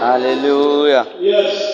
Hallelujah. Yes.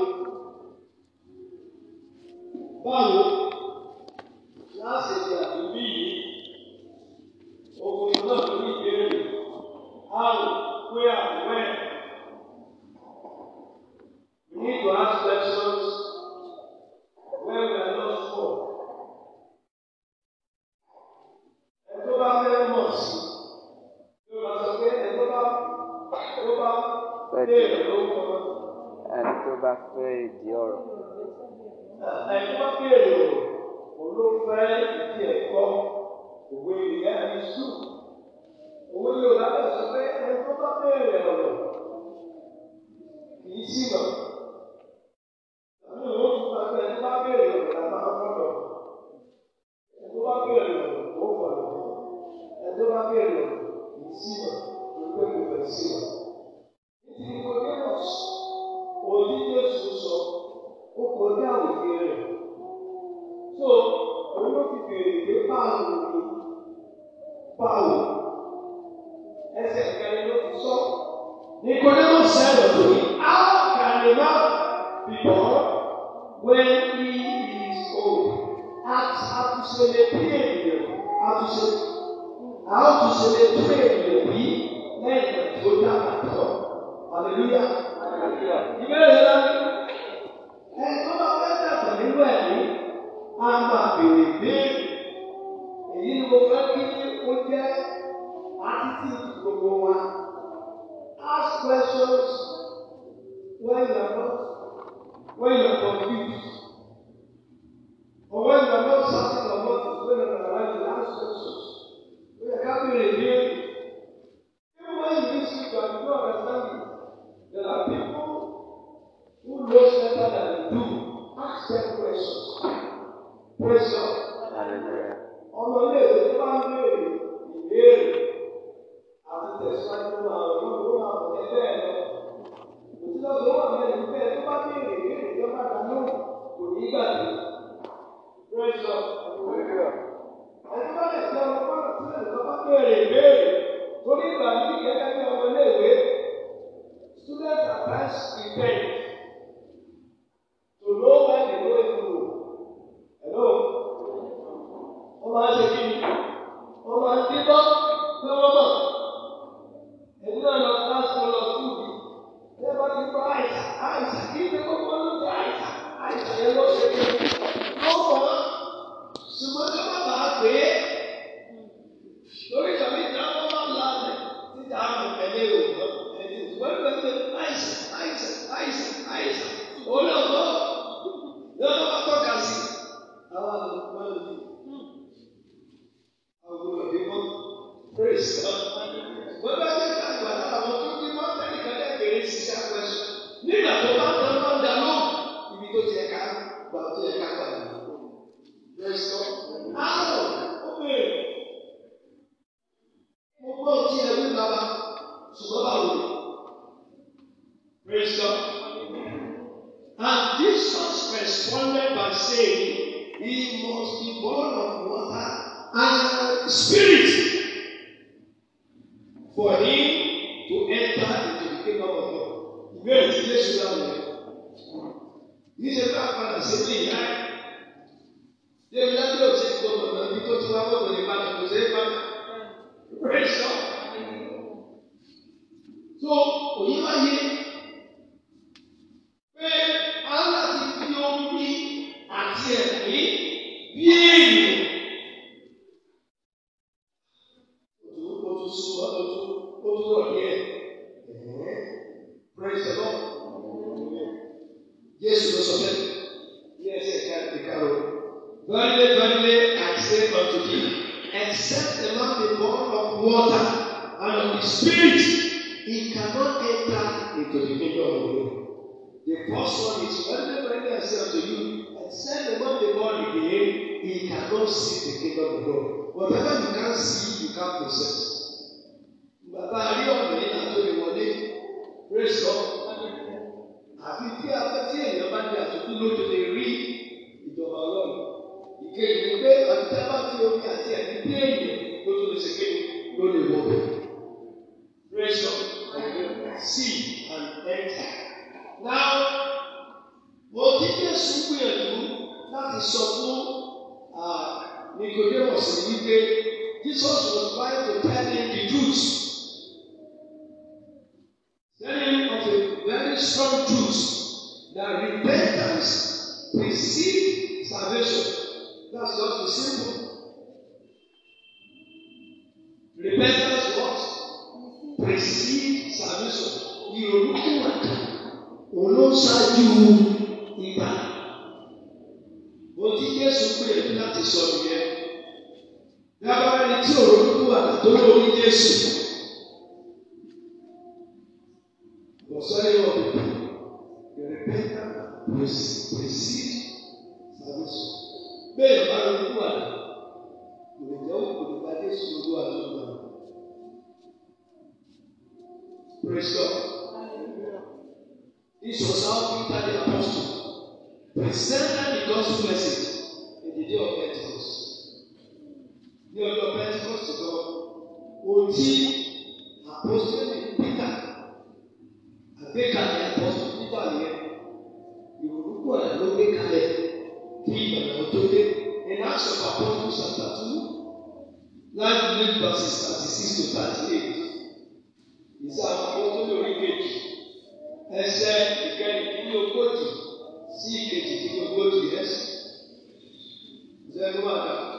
a ó tún ṣe lè tún èrè wí lẹ́yìn tó dára tọ̀ hallelujah. ìbéèrè náà. tí èèyàn bá di àsìkò lóde ẹsẹ̀ ìkẹyìn ní ogójì sí ìkejì ní ogójì ẹsẹ̀. Ṣé ẹ ló wà dáa?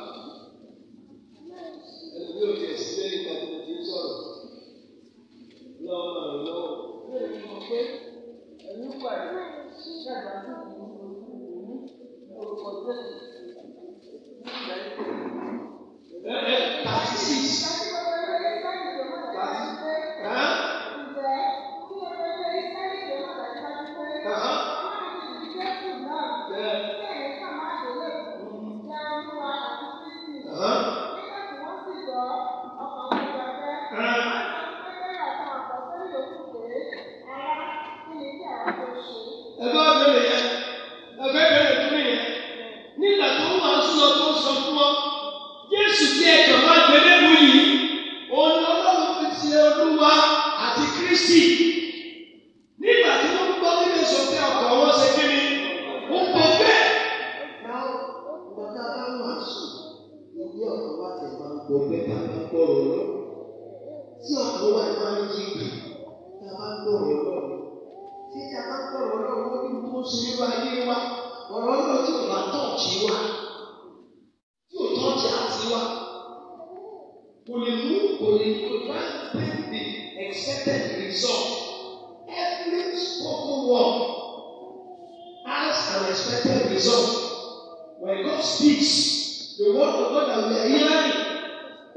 lọ́dà mi ẹ̀yí láyìn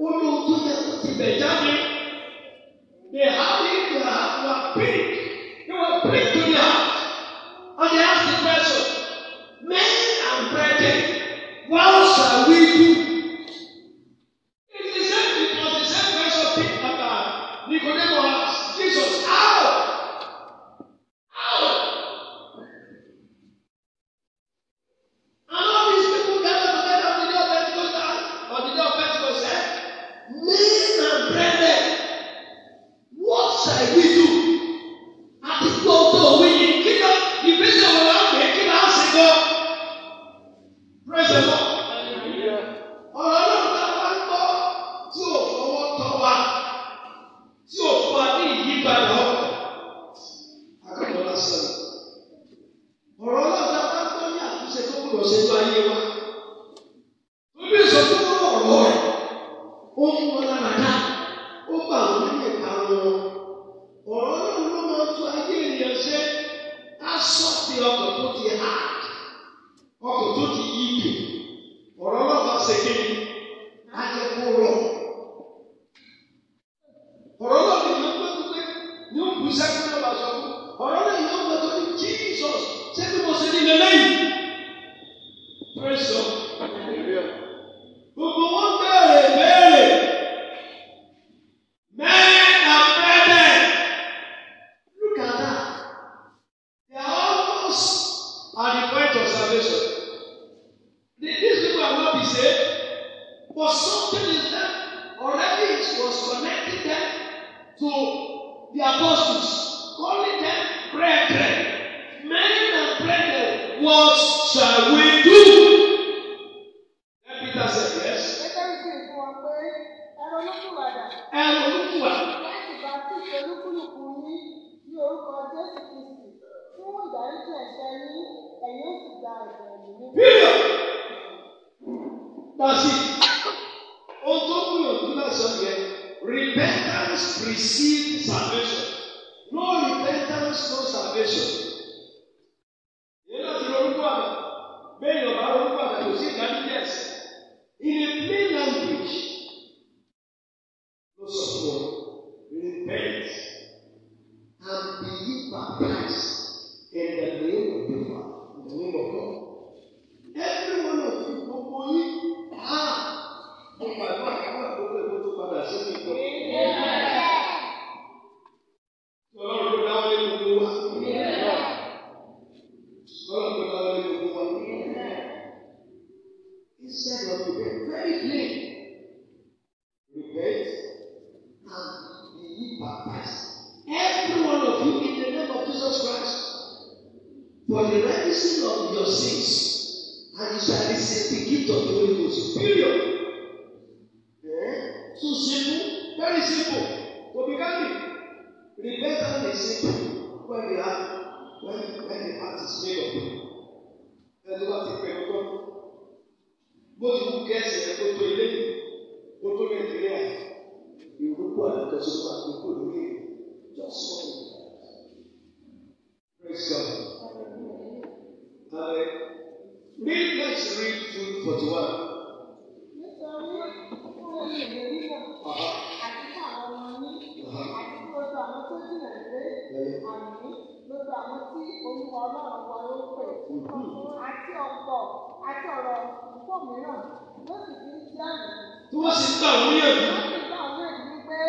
ó ní ohun tó yẹ kó ti bẹ̀ jáde they have it they have to pay they will to their. For something in them already it was connecting them to the apostle. Praise God. Hallelujah. Read, let's read Jude orúkọ ọlọ́run kan ló pè àti ọ̀pọ̀ àti ọ̀rọ̀ òkú mìíràn ló sì fi ń jẹ́ tí wọ́n sì gbà wọ́n yẹ̀ bí. wọ́n sì gbà wọ́n yẹ̀ bí pé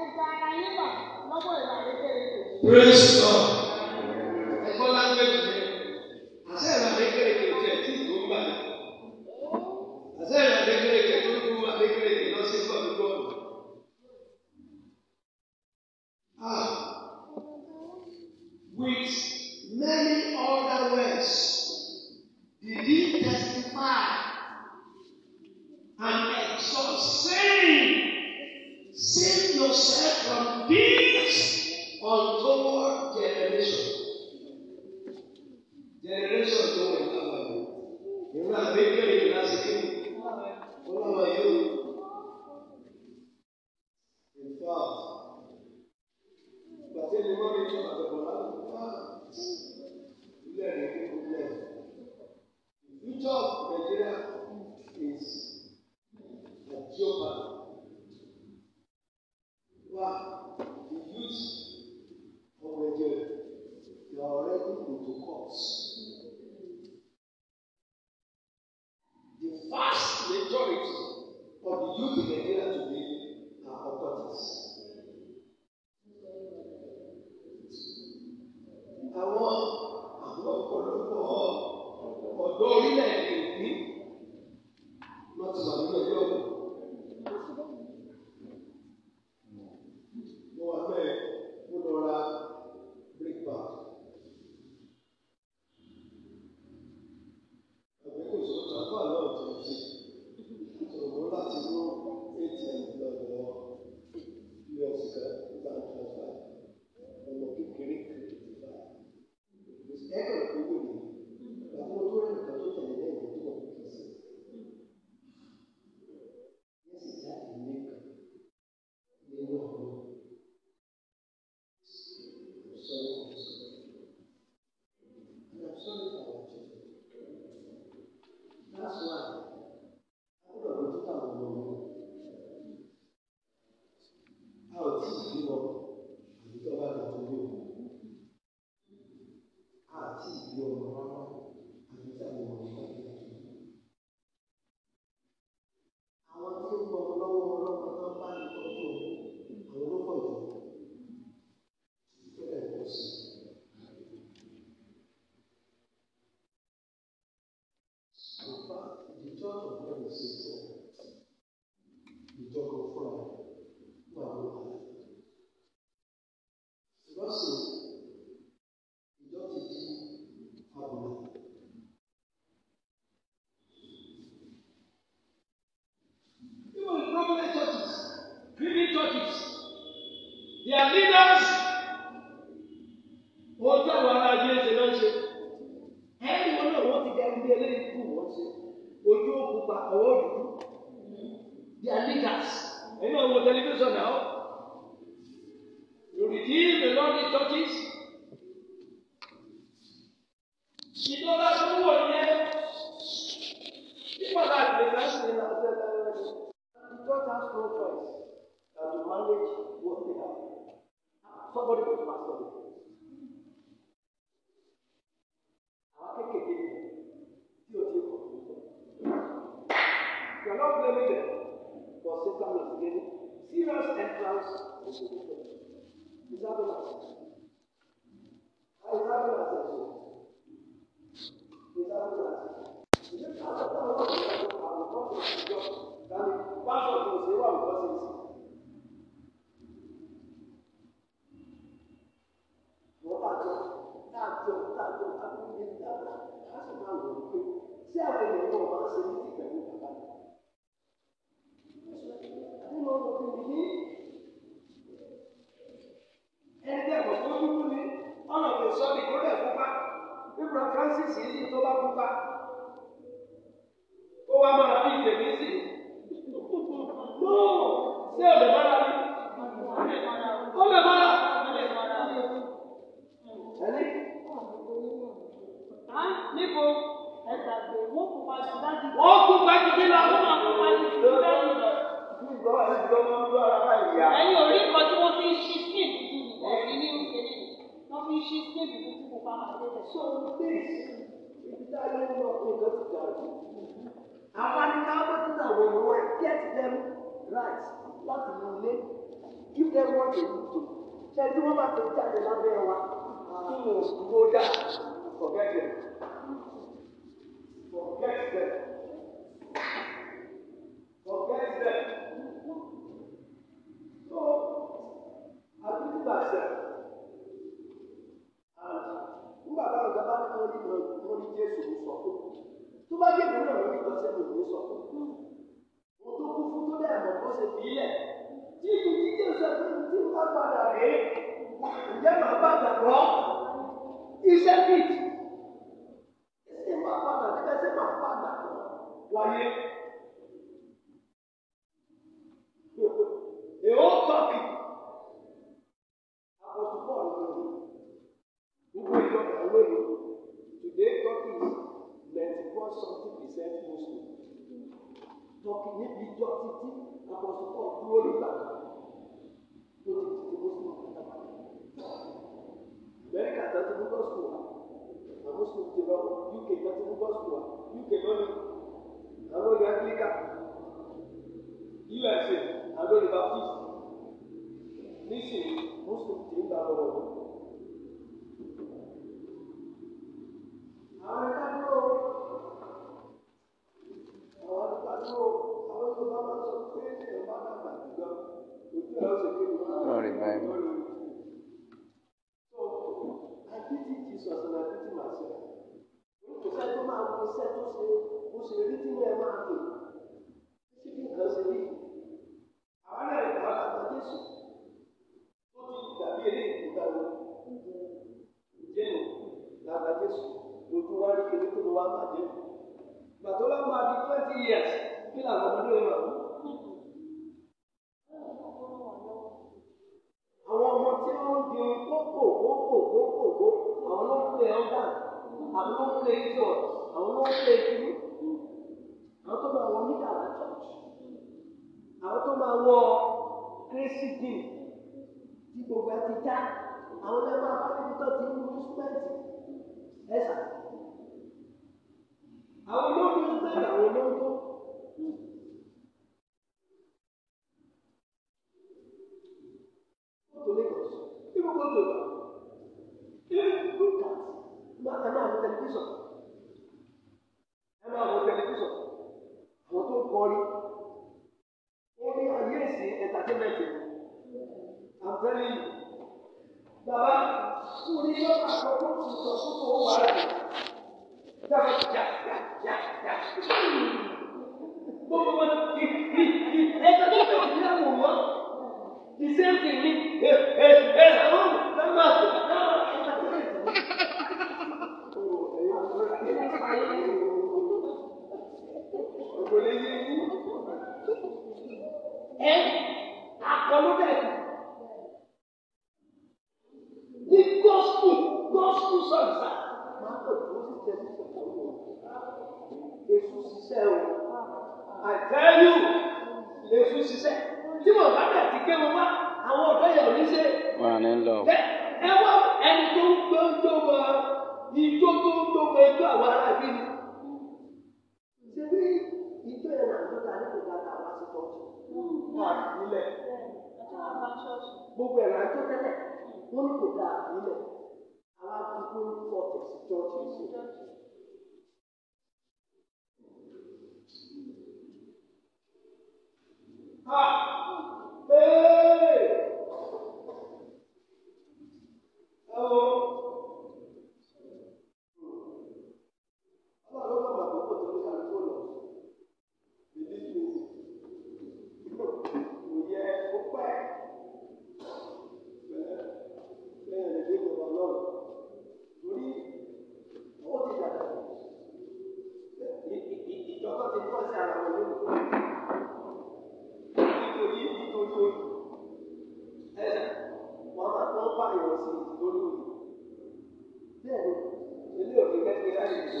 ẹja ara yín wà lọ́wọ́ ìlànà ìbéèrè. praise God. gospel àwọn sùn ti lọ UK náà ti mú gospel wa UK lónìí àwọn olè Áfíríkà USA àwọn olè Baptist nísìnyí muslim ti ń gbà lọ́wọ́ Twenty years kí làwọn ọmọdé wọn wà. àwọn ọmọ tí wọ́n ń di kókò kókò kókò kó àwọn ló ń pè ọ́dà àwọn ló ń pè ìjọ àwọn ló ń pè ìdílé àwọn tó máa wọ nídàlá church àwọn tó máa wọ crazy deal tí gbogbo ẹ ti já àwọn náà máa bá níbi tó ti ń mú instrument ẹ̀sà àwọn ló ń sọ́dọ̀ àwọn olóńgbò. Go to Lagos. People go to Ibadan. Even look at man and man on television. Ẹ máa wọ tẹlifíṣàn. Àwọn tó ń kọrin. Ó ní ayé ìsìn ẹ̀tàtẹ́mẹ̀tì. I'm telling you. Bàbá, kú ní sọ́kà kan tó ti sọ fún òun gbogbo wọn ti ti ti ẹgbẹ́ tó tó ti láwọ̀ wọ́n the same thing ni ẹ ẹ ẹ ọ̀hún lọ́mọ àti lọ́mọ àti lọ́mọ àti. Ẹ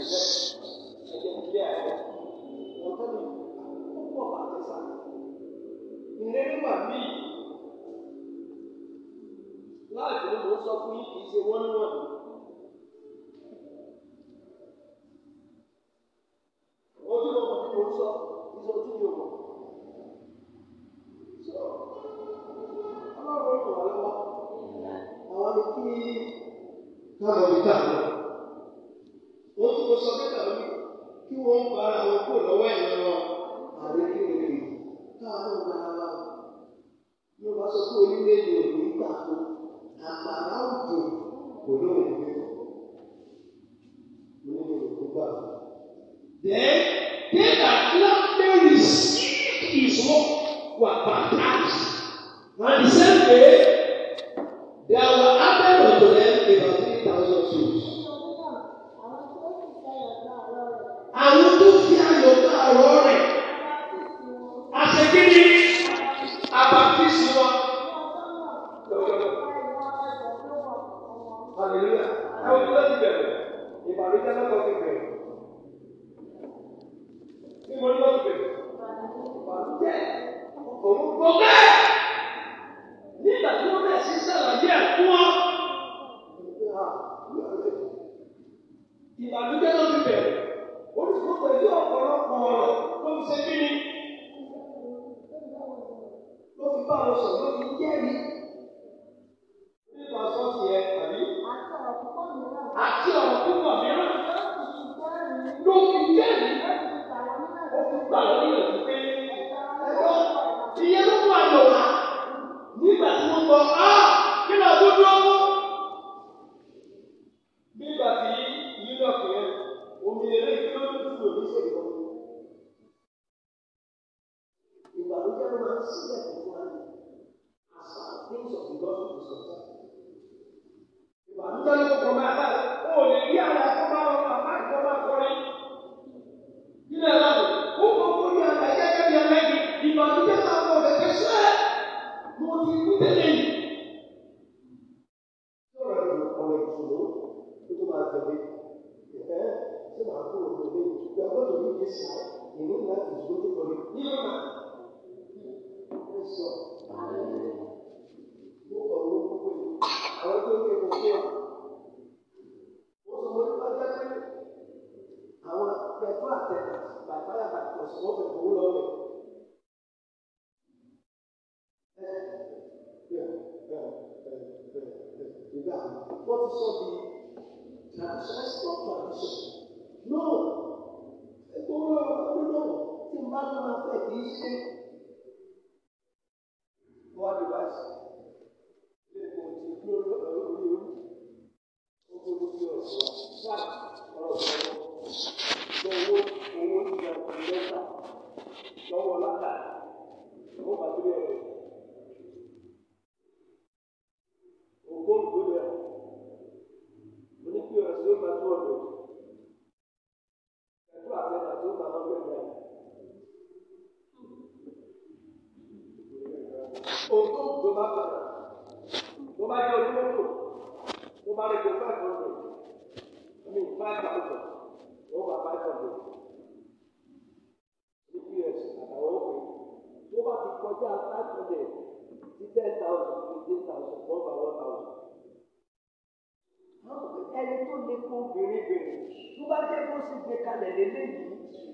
reject ìbànújẹ́ ló ti bẹ̀rẹ̀ olùkọ́ pẹ̀lú ọ̀pọ̀lọpọ̀ ọ̀rọ̀ tó ń ṣe kí ni ló fi bá wọn sọ̀rọ̀ ló fi jẹ́rìí.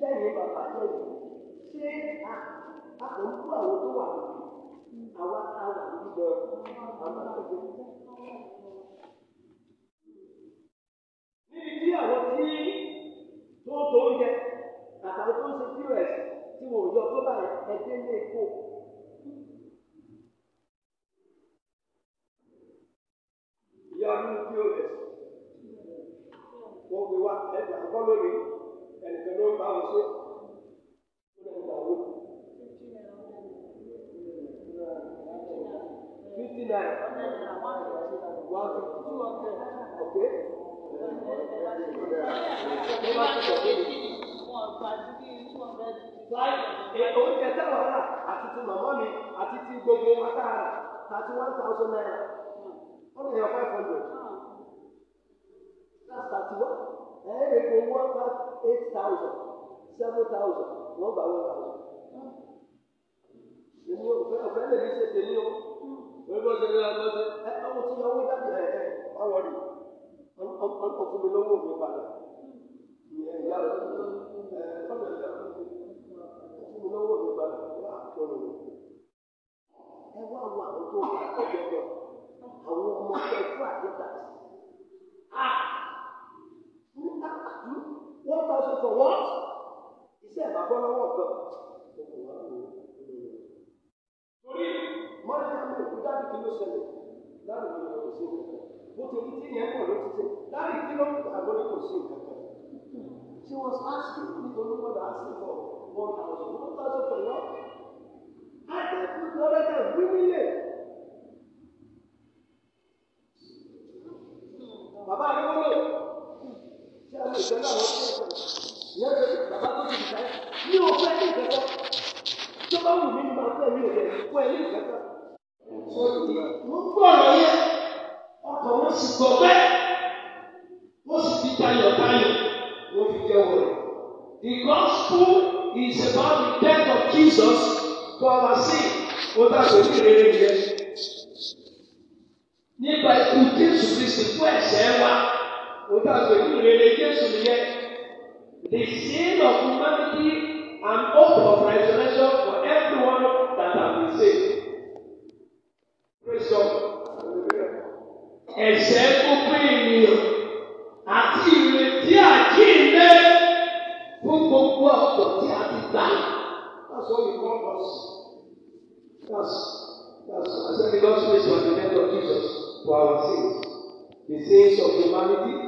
sẹ́yìn bàbá lẹ́yìn ṣé àpò ń kó àwọn tó wà níbi àwa àwà níbẹ̀ àwọn àgbẹ̀. níbi tí àwọn tí tó tó yẹ àtàwọn tó ń ṣe pọ́s tí yọ tó bá ẹgbẹ́ lé kó. ìyá wọ́n wá En ik we thirty one thousand naira. Wọ́n lè five hundred. That's thirty one. And eh, they go work out 8,000, 7,000, not by 1,000. Èmi ò fẹ́ ọ̀fẹ́ lè ní ṣe tèmi o. Olúbọ̀ ṣe ní ọjọ́ ṣe ẹ ọ̀hún ti yọwọ́ dájú ẹ̀ ẹ̀ ọ̀rọ̀ rẹ̀. Ọ̀pọ̀ fún mi lówó mi padà. Ìyẹn ìyá rẹ̀ ẹ̀ ọ̀nà ìyá rẹ̀ fún mi lówó mi padà wà tọ̀nà mi. Ẹ wá àwọn àwọn tó wà ọ̀gbẹ́gbẹ́ àwọn ọmọ ẹ̀fọ́ àti tàbí. Ah! One thousand for what? He said, lọ́wọ́ kan. work. Sorry, my dábì kí ló ṣẹlẹ̀ láàrin kí ló kò sí nǹkan. Bó ti rí tí yẹn pọ̀ ló ti tẹ̀. Láàrin kí ló She was asking don't know what lọ asking for one thousand. One thousand for what? I Adébù lọ́rẹ́dà wíwílẹ̀. Bàbá rẹ̀ wọlé nípa The gospel is about the death of Jesus for our sin. Ó dàgbé ní ìrere yẹn. Nípa ikú Jésù Kristi fún ẹ̀ṣẹ̀ wa ojú àgbẹ̀kú rere Jésù nìyẹn. The sin of humanity and hope of resurrection for everyone that have been saved. Praise God. Ẹ̀ṣẹ̀ gbogbo ènìyàn àti ìrètí àjíǹde fún gbogbo ọ̀pọ̀ tí a ti gbà. That's what we call us. That's that's I said the Lord space the death of Jesus for our sins, the sins of humanity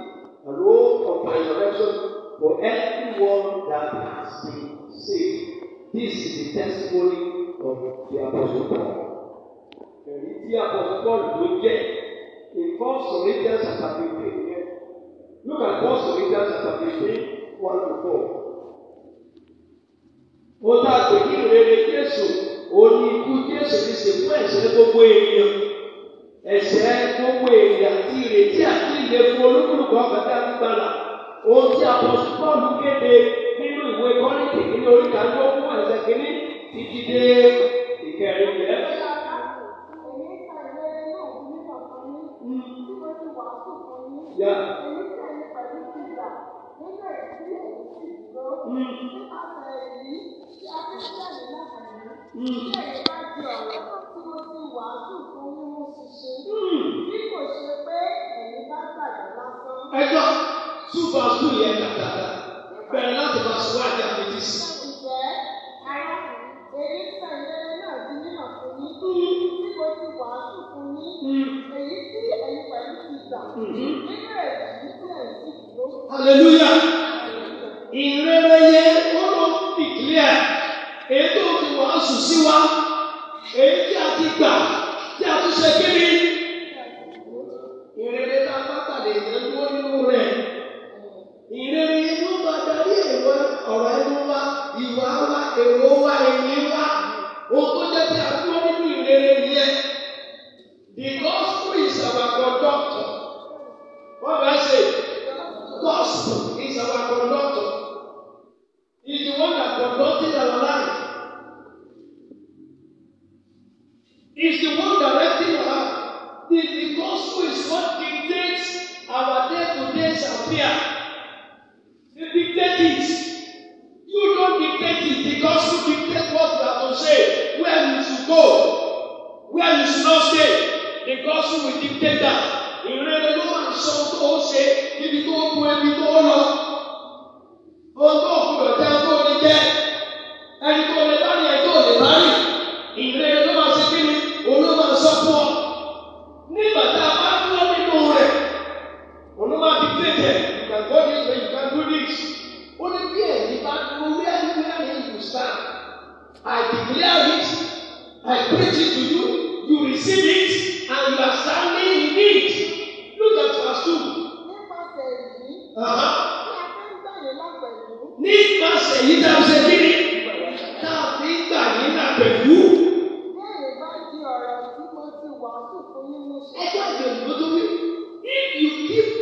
a robe of resurrection for everyone that has been saved. This is the testimony of the Apostle Paul. Ẹ̀rí tí Apostle Paul ló jẹ́ in First Corinthians chapter fifteen Look at First Corinthians chapter fifteen one to four. Ó ta àgbègbè rere Jésù, ó ní ikú Jésù ti sèkú ẹ̀ṣẹ̀ gbogbo ènìyàn ẹ̀ṣẹ̀ gbogbo èèyàn ti ìrètí àti ìlẹ̀kùn olúkúlùkù ọ̀gbẹ́ta gbígbàlà ohun tí àpọ̀sù pọ́ọ̀lù kéde nínú ìwé kọ́lẹ́tì nínú oríkàlógún ẹ̀sẹ̀ kìíní ti dìde ìkẹrin rẹ̀. Hmm. Yeah nígbà tí èyí sì dúró nípasẹ̀ èyí tí a ti tẹ̀lé lápẹ̀lú tí èyí bá di ọ̀rọ̀ tí mo ti wàásù fún mímú ṣiṣẹ́ bí kò ṣe pé èyí bá gbàgbọ́ lásán. ẹjọ́ túbọ̀ sùn yẹn dáadáa bẹ̀rẹ̀ láti máa sọ wáyé àbẹ̀tí sí. ǹjẹ́ arákùnrin èyí sẹ́yìn náà di mímọ̀ fún yín tí mo ẹ̀yin pẹ̀lú ti gbà Hallelujah If you give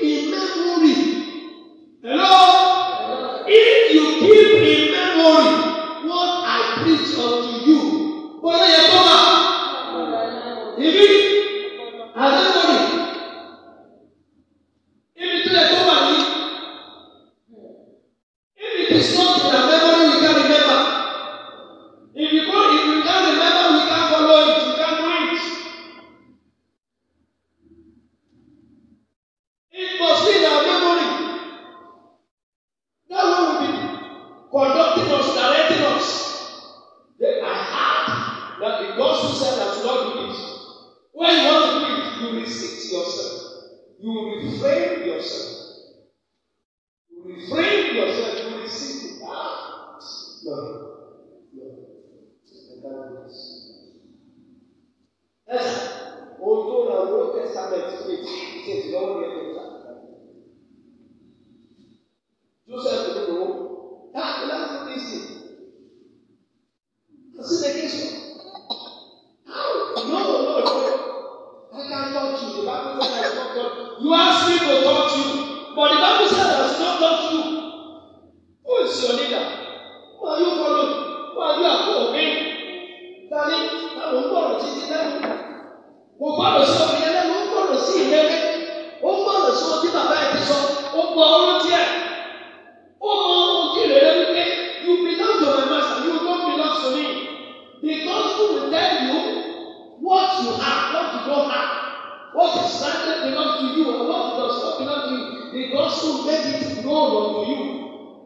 also make it known unto you.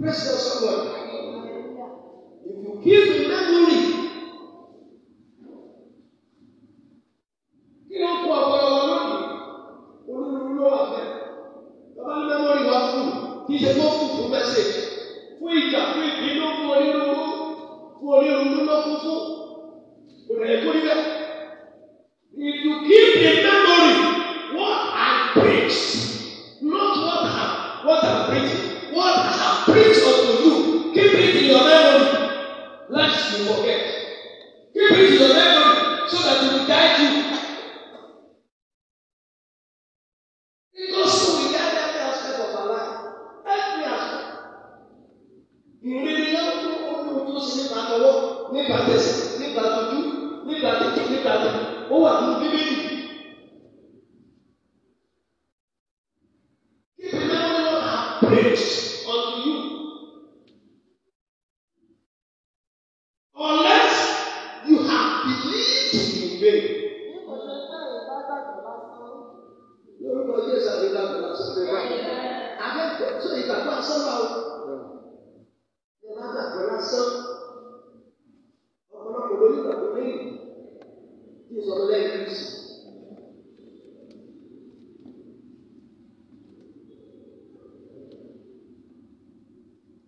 Praise the Lord. If you keep in memory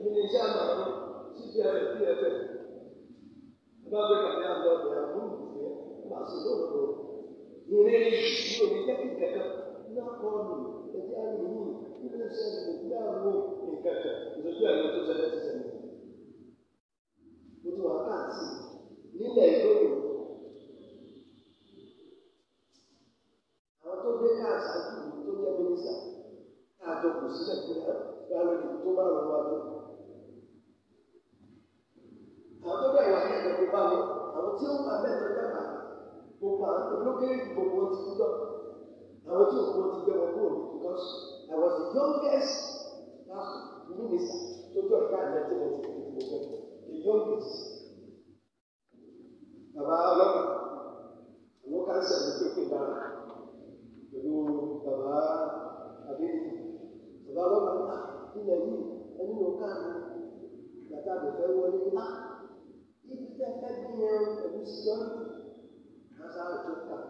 nínú iṣẹ́ àgbàdo cgm pfm nígbàgbé kàdé àgbà ọ̀dọ̀ àbúrò ìfẹ́ láti lóòrò ìrìn ní òníjẹ́ kíkẹ́ kan náà kọ́ ọ́nù ẹ̀dí àmì yìí nínú iṣẹ́ ìgbà àwọn ìkẹ̀kẹ̀ ìtọ́jú ẹ̀rọ tó ṣẹlẹ̀ ti ṣẹlẹ̀. mo ti wà káàtì nílẹ̀ ìlóyè àwọn tó gbé káàtì àjùmọ̀ tó jẹ́ mínísà káàtó kò sílẹ̀ kúrẹ́ lálẹ́ tó bá rọ̀ wájú àwọn tó bẹ̀rẹ̀ wà ní ẹ̀jẹ̀ kó bá wọn àwọn tí ó wà mẹ́tọ̀ dàgbà gbogbo àwọn olókèrè gbogbo wọn ti kú àwọn tí òkú ti gbé wọn kúrò because I was the youngest pastor minister tó jọ ìgbà àjẹ tí mo ti kú tí mo the youngest bàbá ọlọ́pàá àwọn káńsà ló kéèké dára pẹ̀lú bàbá adéyìn bàbá ọlọ́pàá nílẹ̀ ah, yìí ẹni ló káàánú bàtà àbẹ̀fẹ́ wọlé á. Ah, If a every word that we spoke, as I took that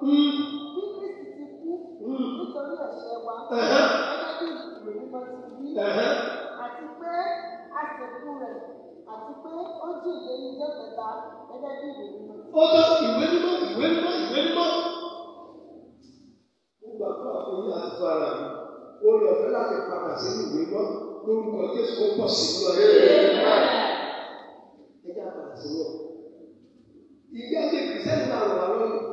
bí kristi ti kú nítorí ẹ̀ṣẹ̀ wa gẹ́gẹ́ bí ìwé mímọ́ ti wí àti pé a sìnkú rẹ̀ àti pé ó jí ìdè ní ìjọ kẹta gẹ́gẹ́ bí ìwé mímọ́. ó tó ìwé mímọ́ ìwé mímọ́ ìwé mímọ́. mo gbà fún àfihàn àti fún ara mi ó lè ọ̀fẹ́ láti padà sí ìwé mọ́ lórúkọ jésù kó pọ̀ sí i lọ. ẹ jẹ́ àpàtà sí i lọ. ìgbẹ́ àti ìgbésẹ̀ ń ta àwọn àlọ́ yìí.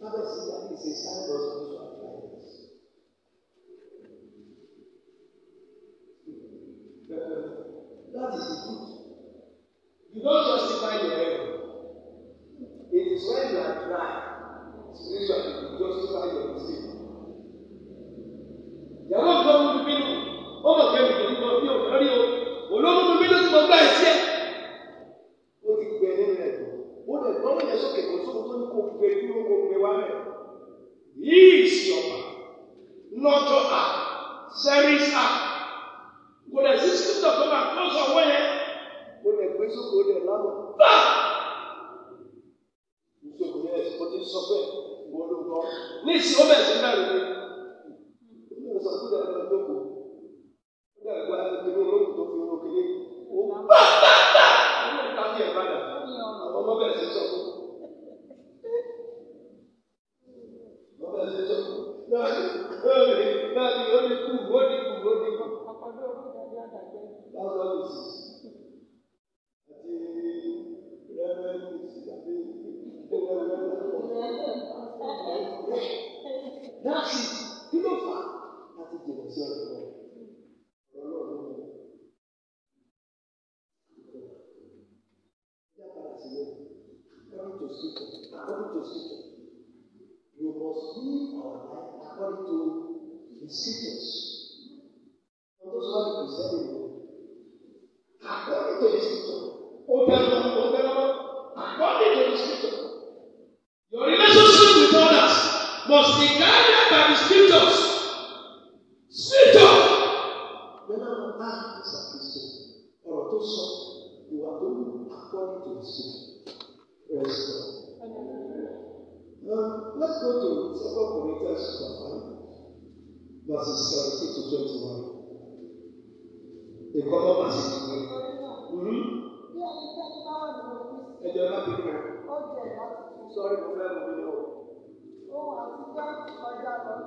Father, see that is a sign of spiritual blindness. That is the truth. You don't justify your error. It is when you are dry spiritually you justify your mistake. Ìyàwó ìjọba olùbínú, ọmọ kẹ́mi kò ní lọ bí òun rí o, olóhùn olùbínú ti mọ gbá ẹ̀sìn. sẹ́rí sá kò lè sí sísọ tó máa tó sọ wọ́n yẹn kò lè gbé sóko lè lánàá bá nítorí ẹ̀ kò ti sọ pé wọ́n ló gbọ́ ní ìsìn ó bẹ̀ sí bẹ́ẹ̀ lórí ó ní ìsọkúlẹ̀ ọ̀dọ́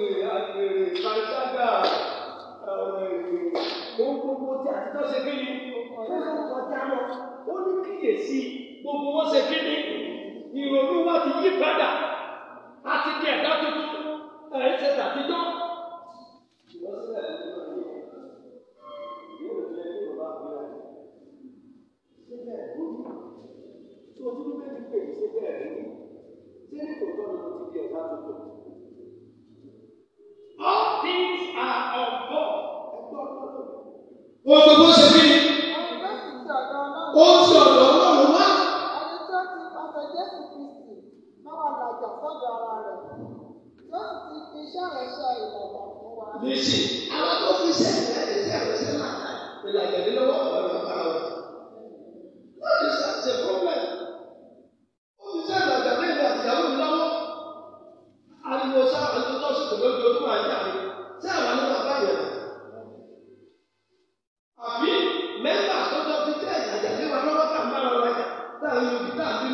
olè àgbèrè pàṣágà ọ̀rọ̀ èdè ohun gbogbo tí àtijọ́ ṣe kí ni olùkọ́ dáná ó ní kíyèsí gbogbo wọn ṣe kí ni ìrònú wa ti yí padà àti kí ẹ̀dá tuntun ẹ̀ ṣe tàbíjọ́. Tí o All things are of God. Ohun gbogbo ṣe kí ni? Ó ń ti ọ̀dọ̀ Ọlọ́run wá. Ẹni tó ti pàṣẹ Jésù Kristi máa wà làjà sọ́dọ̀ ara rẹ̀. Yóò sì ti fi iṣẹ́ ìrẹsẹ̀ ìlàjà fún wa. Níṣì, àwọn tó fi iṣẹ́ ìrẹsẹ̀ ìrẹsẹ̀ máa ń ta ìlàjà lé lọ́wọ́ ọ̀rọ̀.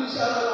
inshallah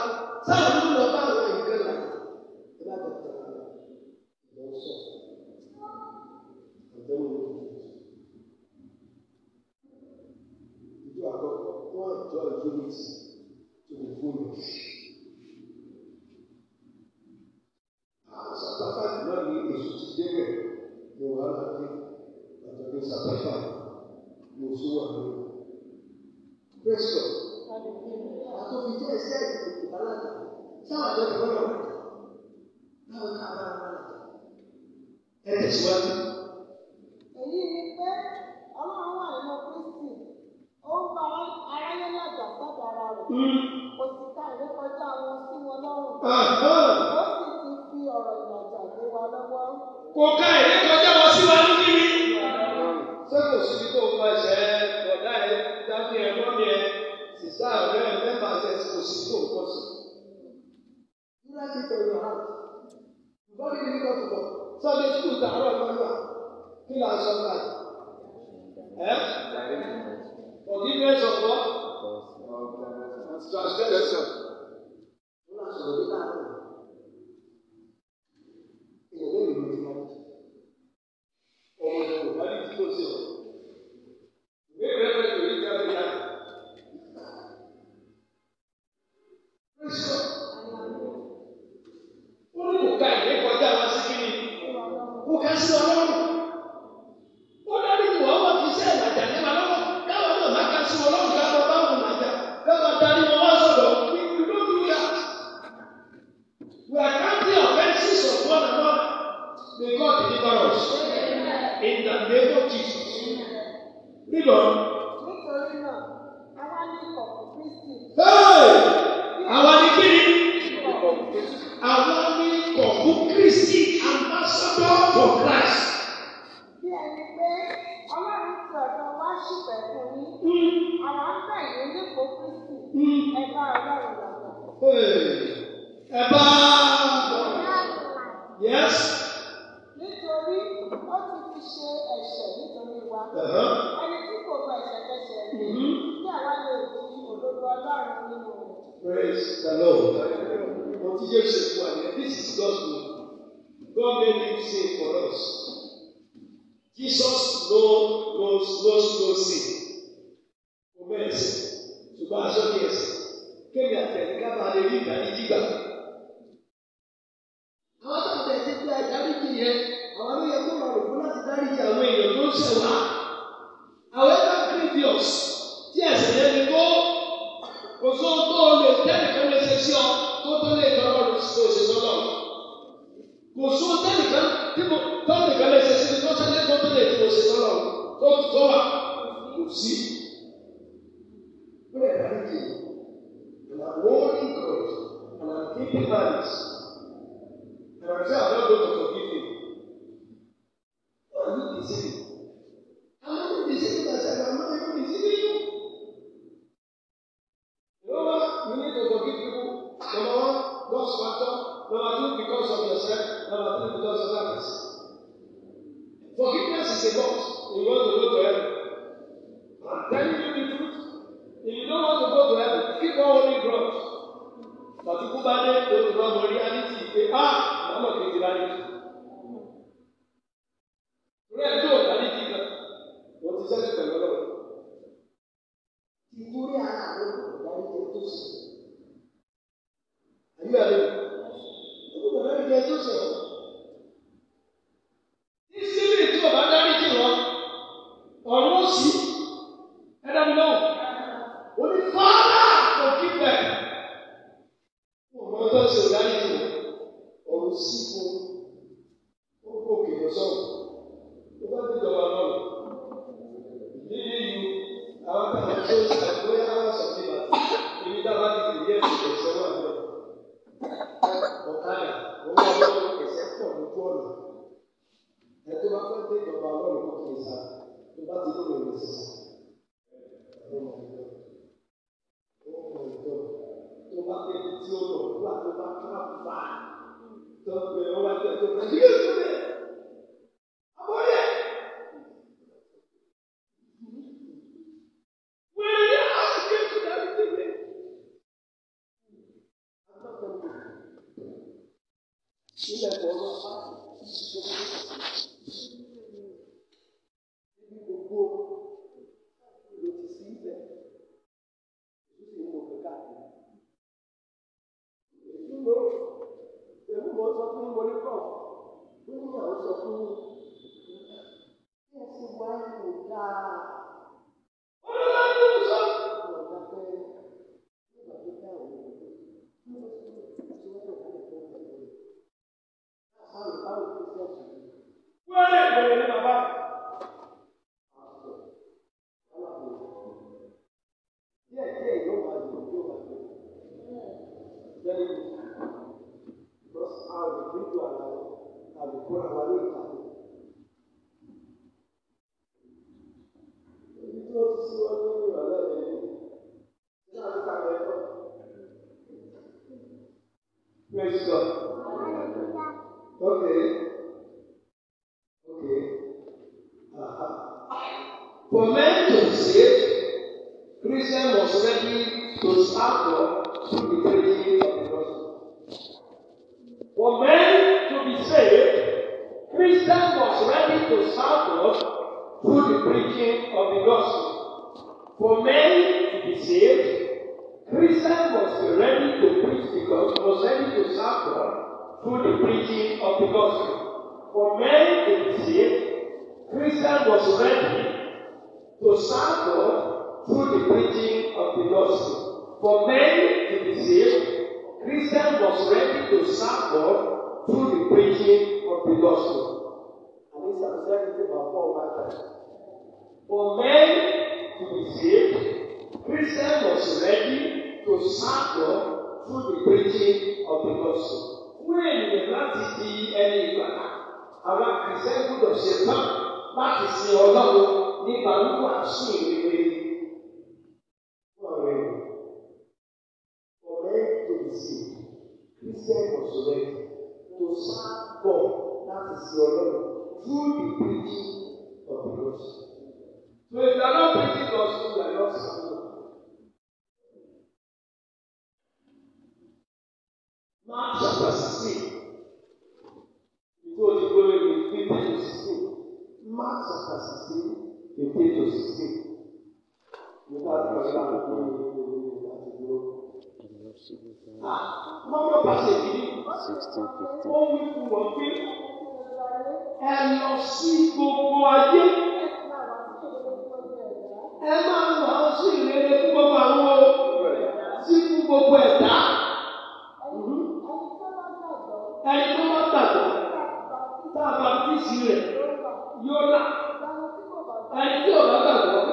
forgiveness of what? Transgression. 现在脖子痛，是不是？the gospel. For men to be saved, Christian was ready to serve God through the preaching of the gospel. And this has said it about four times. For men to be saved, Christian was ready to serve God through the preaching of the gospel. Wọ́n ènìyàn láti di ẹni ìgbàlá. Àwọn àkàṣẹ́ gbọ́dọ̀ ṣe tán láti sin Ọlọ́run nípa wíwà sí ìrere. ti Ọlọ́run through the preaching of the gospel. So if you are not preaching the gospel, you are not saved. Mark chapter sixteen. Go to go to fifteen ah, to sixteen. Mark chapter sixteen, the Bible, we have Ah, one more passage. Sixteen, fifteen ẹ lọ sí gbogbo ayé ẹ máa ń wà ó sí ìrere fún gbogbo àwọn sí fún gbogbo ẹ̀dá ẹni tó bá gbàgbọ́ tá a bá fi sí rẹ̀ yóò là ẹni tí ò bá gbàgbọ́.